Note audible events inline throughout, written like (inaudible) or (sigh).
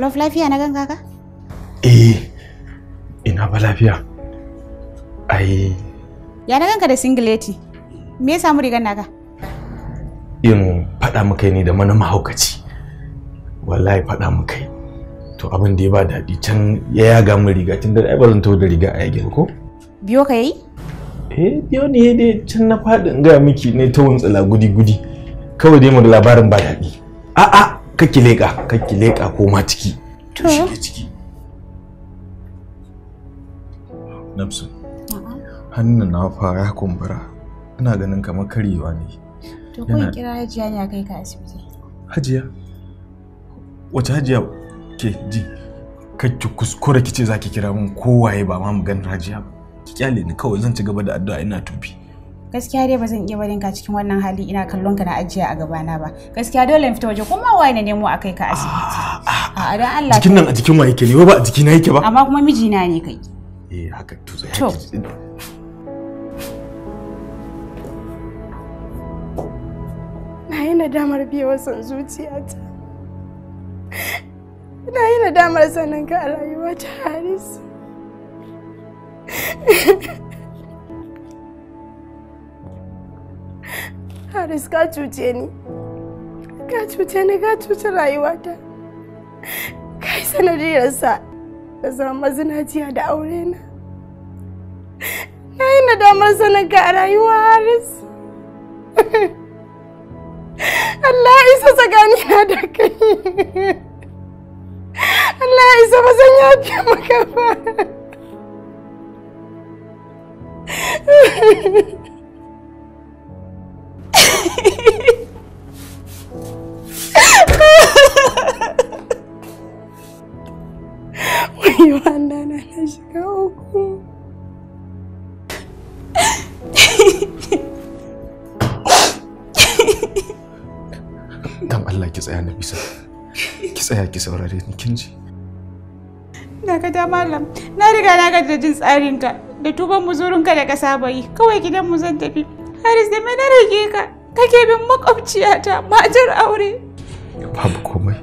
Love lafiya na gan kaka? Eh, ina ba lafiya. Ai. Ya na ganka da singleti. Me ya samu rigar naka? Yin faɗa muka ne da mana mahaukaci. Wallahi faɗa muka To abin da ya ba daɗi can ya yaga mu riga tun da ai ba zan da riga a yagin ko? Biyo ka yi? Eh, biyo ne dai can na faɗin gaya miki ne ta wuntsala gudi-gudi. Kawai dai mu da labarin ba daɗi. A'a, kake leƙa kake leƙa ko ma ciki to shige ciki nafsu hannun na fara kumbura ina ganin kamar karyewa ne to kun kira hajiya ne a kai ka asibiti hajiya wace hajiya ke ji ki kuskure kice zaki kira min kowaye ba ma ganin hajiya ba ki kyale ni kawai zan ci gaba da addu'a ina tufi gaskiya dai ba zan iya barin ka cikin wannan hali ina kallon ka na ajiya a gabana ba gaskiya dole in fita waje kuma wai na nemo akai ka asibiti ah, a dan Allah jikin nan a jikin wa yake ne ba a jiki na yake ba amma kuma miji na ne kai eh haka to sai to na yi nadamar biyewar son zuciyata na yi nadamar sanin ka a rayuwa ta haris Haris ka cuce ni. Ka cuce ni ka cuce rayuwata. Ka yi sanadiyarsa da zama zinajiya da aure na. Na yi nadamar sanin ka a rayuwa Haris. (laughs) Allah ya isa tsakanina da kai. Allah ya isa ba zan yafe maka ba. (laughs) Wai wanda na na shiga uku. Dan Allah ki tsaya na bisa. Ki tsaya ki saurare ni kin ji. Na ga malam, na riga na ga da jin tsarinka da tuban muzurinka da ka saba yi. Kawai gidan mu zan tafi. Haris da me na rage ka? kake bin makwabciyata matar aure babu komai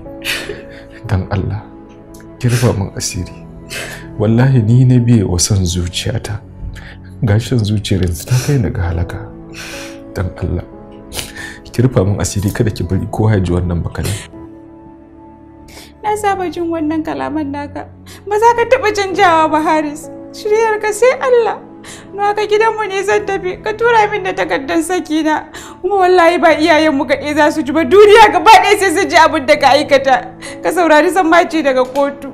dan Allah kirfa min asiri wallahi ni na biye wa son zuciyata gashin zuciyar yanzu ta kai ga halaka dan Allah kirfa min asiri kada ki bari ko haji wannan bakali na saba jin wannan kalaman naka ba za ka taba canjawa ba Haris shiryar ka sai Allah na ka gidanmu ne zan tafi ka tura min da takardar sakina kuma wallahi ba iyayen mu kaɗai za su ji ba duniya gaba ɗaya sai su ji abin da ka aikata ka saurari mace daga kotu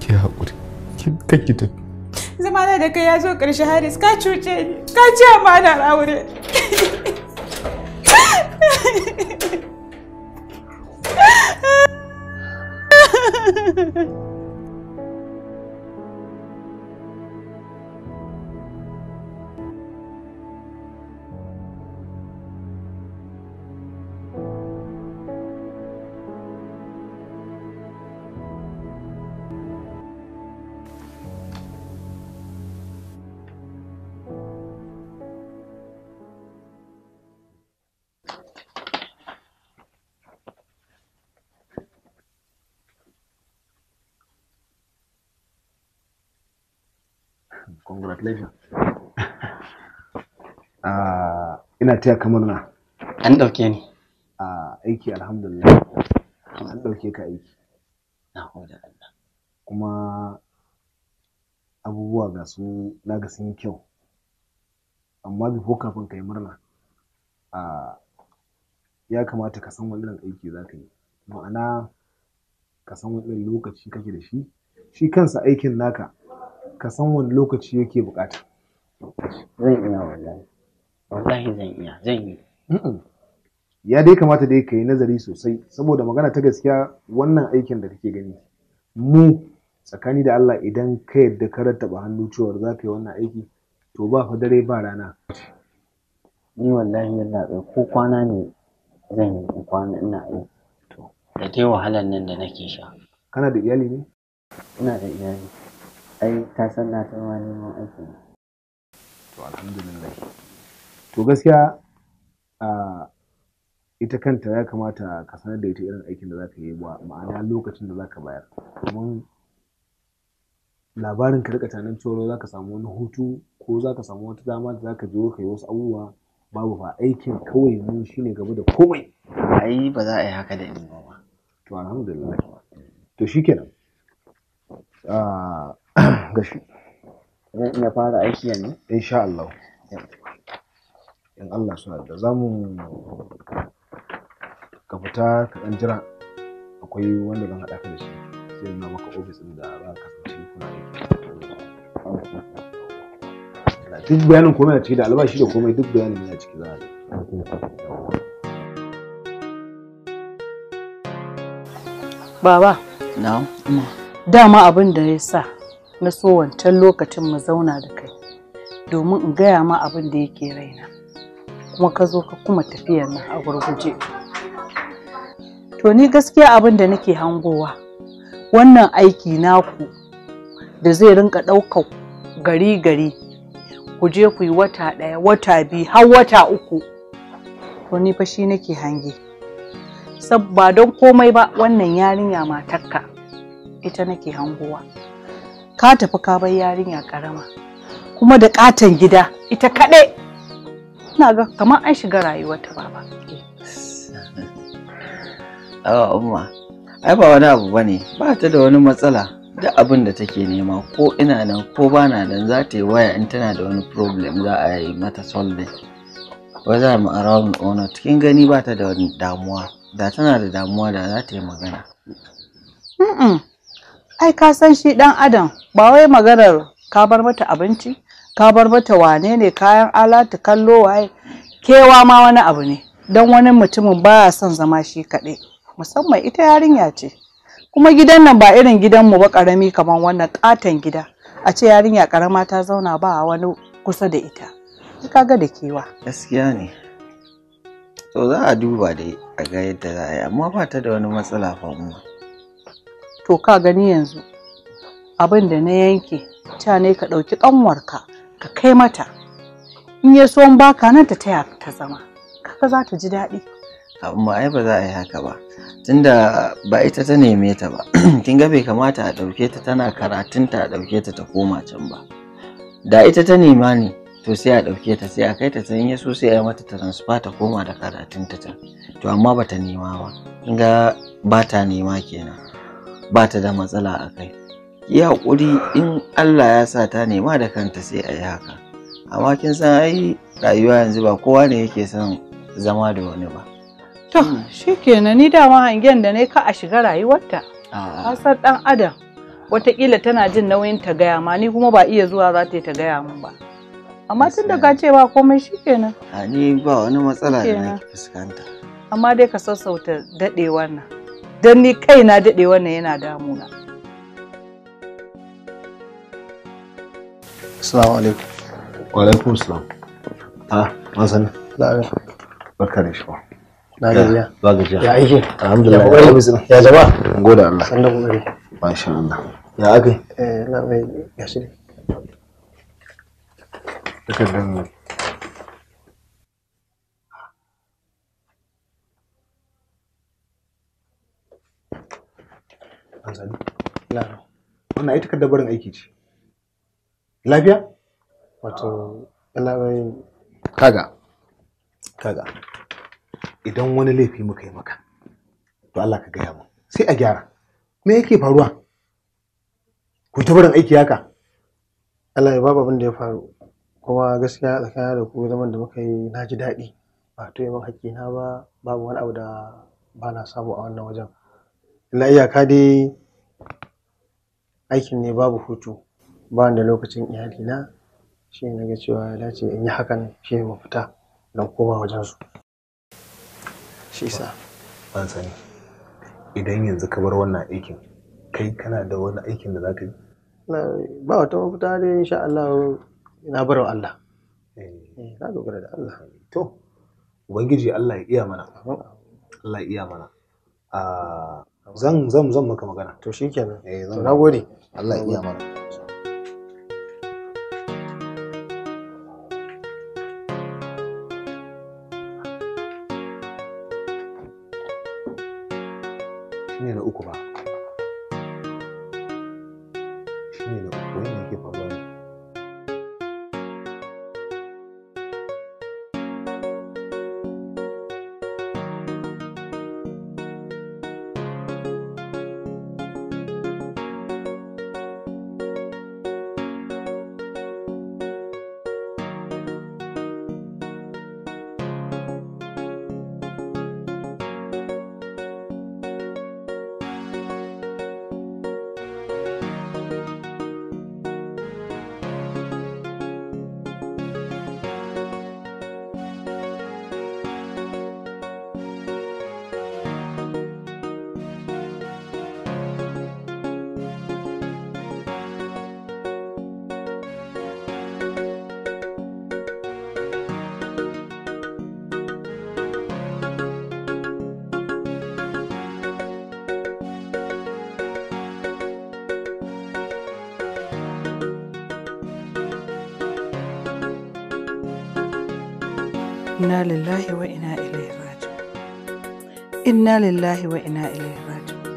ki haƙuri ki kake tafi zama na da kai ya zo ƙarshe haris ka cuce ni ka ci ana aure Ha ha ha ha. Congratulations. Uh, (laughs) ina taya ka murna. An ni. Uh, aiki alhamdulillah. An ɗauke ka aiki. Na Allah. Kuma abubuwa ga su naga ga kyau. Amma bifo kafin ka yi murna. Uh, ya kamata ka san wani aiki za ka yi. Ma'ana ka san wani lokaci kake da shi. Shi kansa aikin naka ka san wani lokaci yake bukata zan iya wallahi wallahi zan iya zan yi ya dai kamata dai ka yi nazari sosai saboda magana ta gaskiya wannan aikin da kake gani mu tsakani da Allah idan ka yadda ka rattaba hannu cewar za ka yi wannan aiki to ba fa dare ba rana ni wallahi yalla ko kwana ne zan yi kwana ina yi. to da dai wahalar nan da nake sha kana da iyali ne ina da iyali ai ka san na ta ma neman aiki to alhamdulillah to gaskiya a ita kanta ya kamata ka sanar da ita irin aikin da za ka yi ba ma'ana lokacin da za ka bayar domin labarin ka rika tanan coro za ka samu wani hutu ko za ka samu wata dama da za ka je ka yi wasu abubuwa babu ba aikin kawai mu shine gaba da komai ai ba za a yi haka da ni ba to alhamdulillah to shikenan (coughs) gashi zan iya fara aiki yanzu insha Allah in Allah suna da za mu ka fita ka ɗan jira akwai wanda zan haɗa ka da shi sai na maka ofis ɗin da za ka kasance kuna aiki duk bayanin komai a ciki da albashi da komai duk bayanin yana ciki za a yi Baba, no. dama abin da ya sa na so wancan lokacin mu zauna da kai domin in gaya ma abin da yake raina kuma ka zo ka kuma tafiyar nan a gurguje to ni gaskiya abin da nake hangowa wannan aiki naku da zai rinka ɗaukar gari gari ku je ku yi wata ɗaya wata biyu har wata uku to ni fa shi nake hange sab ba don komai ba wannan yarinya matarka ita nake hangowa ka tafi ka bar yarinya karama kuma da katon gida ita kaɗai ina ga kamar an shiga rayuwarta baba (laughs) awa umma ai ba wani abu bane ba ta da wani matsala duk abin da take nema ko ina nan ko ba na nan za ta yi waya in tana da wani problem za a yi mata solve wai za mu around ona cikin gani ba ta da wani damuwa da tana da damuwa da za ta yi magana ai ka san shi dan adam ba wai maganar ka bar mata abinci ka bar mata wane ne kayan alatu kallo waye kewa ma wani abu ne don wani mutumin ba son zama shi kaɗai musamman ita yarinya ce kuma gidan nan ba irin gidanmu ba ƙarami kamar wannan ƙaton gida a ce yarinya ƙarama ta zauna ba wani kusa da ita kaga da kewa gaskiya ne to za a duba dai a ga yadda za a yi amma ba ta da wani matsala fa to ka gani yanzu abin da na yanke ta ne ka ɗauki ƙanwarka ka kai mata in ya so baka nan ta taya ta zama kaka za ta ji daɗi amma ai ba za a yi haka ba tunda ba ita ta neme ta ba (clears throat) kin ga bai kamata a ɗauke ta tana karatun ta a ɗauke ta ta koma can ba da ita ta nema ne to sai a ɗauke ta sai a kai ta can ya so sai a yi mata transfer ta koma da karatun ta can to amma ba ta nema ba kin ga ba ta nema kenan ba ta da matsala a kai ki haƙuri in Allah ya sa ta nema da kanta sai a yi haka amma kin san ai rayuwa yanzu ba kowa ne yake son zama da wani ba to hmm. shikenan ni dama hangen da ne ka a shiga rayuwarta kasar dan adam wataƙila tana jin nauyin ta gaya ma ni kuma ba iya zuwa za ta yi ta gaya min ba amma tun da ka ce ba komai shikenan a ni ba wani matsala da nake fuskanta amma dai ka sassauta daɗe wannan. don ni kaina daɗe wannan yana damuna. Assalamu alaikum. Wa alaikum assalam. Ah, Masani. Lafiya. Barka da shiwa. Na gajiya. Ba gajiya. Ya aiki. Alhamdulillah. Ya kokari bisu. Ya jama'a. Gode Allah. Sanda kokari. Masha Allah. Ya aka? Eh, na mai gashi. Takardar wannan ai kadda barin aiki ce lafiya wato labai kaga kaga idan wani laifi muka yi maka to Allah ka gaya mu sai a gyara me yake faruwa ku ta barin aiki haka Allah ya babu abin da ya faru kuma gaskiya tsakanin da ku zaman da muka yi na ji daɗi ba to yi haƙƙi na ba babu wani abu da ba na samu a wannan wajen illa iyaka dai aikin ne babu hutu ba da lokacin iyalina shi na ga cewa ya dace in yi hakan shi ne mafita don koma wajen su shi sa ban sani idan yanzu ka bar wannan aikin kai kana da wani aikin da za ka yi ba wata mafita ya insha Allah na bar Allah eh. Eh, na dogara da Allah to ubangiji Allah ya iya mana Allah ya iya mana ah, zan zan zan maka magana to shikenan eh zan nagode Allah ya iya mana inna lillahi wa ina ilaihi raji'un inna lillahi wa ina ilaihi raji'un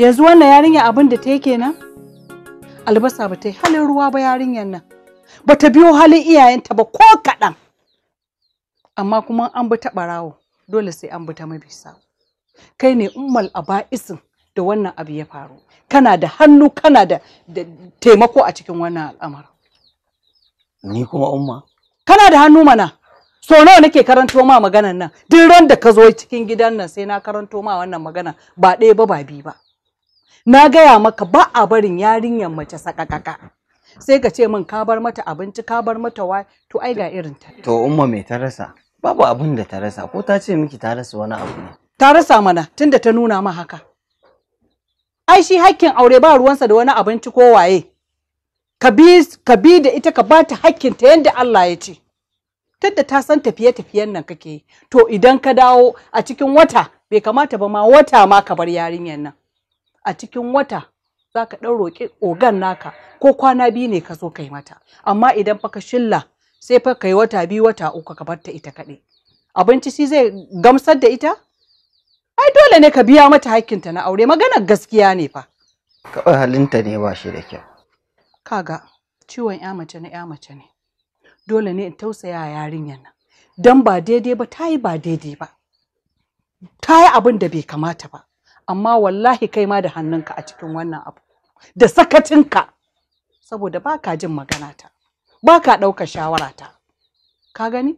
yanzu wannan yarinya abin da ta yi kenan albasa ba ta yi halin ruwa ba yarinyar nan ba ta biyo halin iyayenta ba ko kaɗan amma kuma an bi ta ɓarawo dole sai an bi ta mabisa kai ne ummal aba'isin da wannan abu ya faru kana da hannu kana da taimako a cikin wannan al'amarin ni kuma umma kana da hannu mana so nawa nake karanto ma maganan nan duk ran da ka zo cikin gidan nan sai na karanto ma wannan magana ba ɗaya ba ba biyu ba na gaya maka ba a barin yarinyar mace sakakaka sai ka ce min ka bar mata abinci ka bar mata wai to ai ga irin ta to umma me ta rasa babu abin da ta rasa ko ta ce miki ta rasa wani abu ne ta rasa mana tunda ta nuna ma haka ai shi hakkin aure ba ruwansa da wani abinci ko waye ka bi da ita ka bata hakkin ta yadda Allah ya ce tadda ta san tafiye-tafiyen nan kake yi, to idan ka dawo a cikin wata bai kamata ba ma wata ma ka bar yarinyar nan a cikin wata za ka ɗan roƙi ogan naka ko kwana biyu ne ka zo kai mata amma idan fa ka shilla sai fa kai wata biyu wata uku ka bar ta ita kaɗai abinci shi zai gamsar da ita ai dole ne ka biya mata hakkinta na aure maganar gaskiya ne fa kawai halinta ne ba shi da kyau kaga ciwon ya mace na ya mace ne dole ne in tausaya yarinyar nan don ba daidai ba ta yi ba daidai ba ta yi abin da bai kamata ba amma wallahi kai ma da hannunka a cikin wannan abu da sakatinka saboda ba ka jin magana ta. ba ka ɗaukar ta. ka gani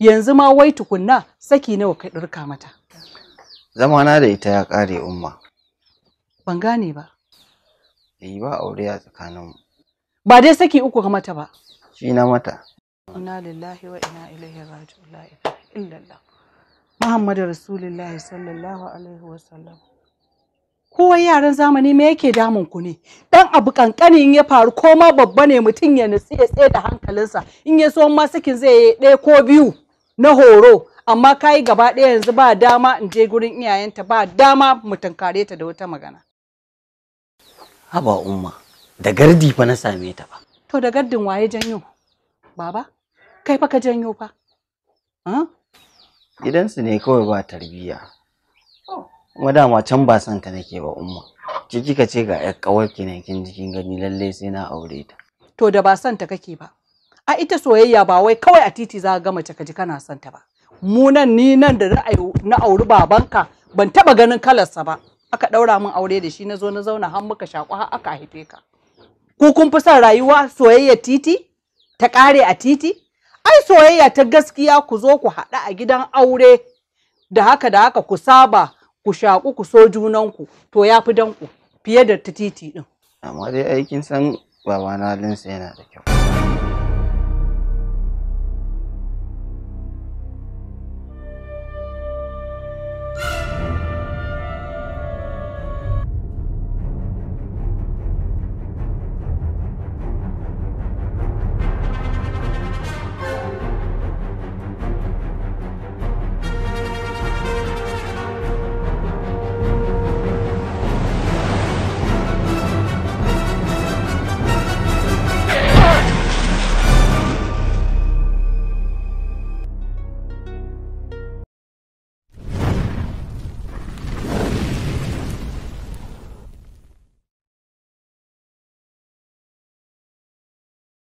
yanzu ma wai tukunna saki nawa ka ɗurka mata zamana da ita ya ƙare umma ban gane ba yi ba aure a tsakaninmu ba dai saki uku ga mata ba shi na mata inna lillahi wa inna ilaihi raji'un la ilaha illallah Muhammadu Rasulullah sallallahu alaihi wa sallam kowa yaran zamani me yake damun ku ne dan abu kankani in ya faru ko ma babba ne mutum ya nutsi ya tsaye da hankalinsa in ya so ma sakin zai yi ɗaya ko biyu na horo amma kai gaba ɗaya yanzu ba dama in je gurin iyayenta ba dama mu tunkare ta da wata magana haba umma da gardi fa na same ta ba to da gardin waye janyo baba kai fa ka janyo fa gidansu ne kawai ba tarbiyya kuma dama can ba son ta nake ba umma ki kika ce ga yar kawar ki kin jikin gani lalle sai na aure ta to da ba son ta kake ba a ita soyayya ba wai kawai a titi za ka gama mace ka ji kana son ta ba mu ni nan da na auri babanka ban taba ganin kalarsa ba aka ɗaura min aure da shi na zo na zauna har muka shaku har aka haife ka ku kun fi son rayuwa soyayya titi ta kare a titi ai soyayya ta gaskiya ku zo ku haɗu a gidan aure da haka da haka ku saba ku shaƙu ku so junanku to ya fi danku fiye da ta titi ɗin. amma dai aikin san babana halinsa yana da kyau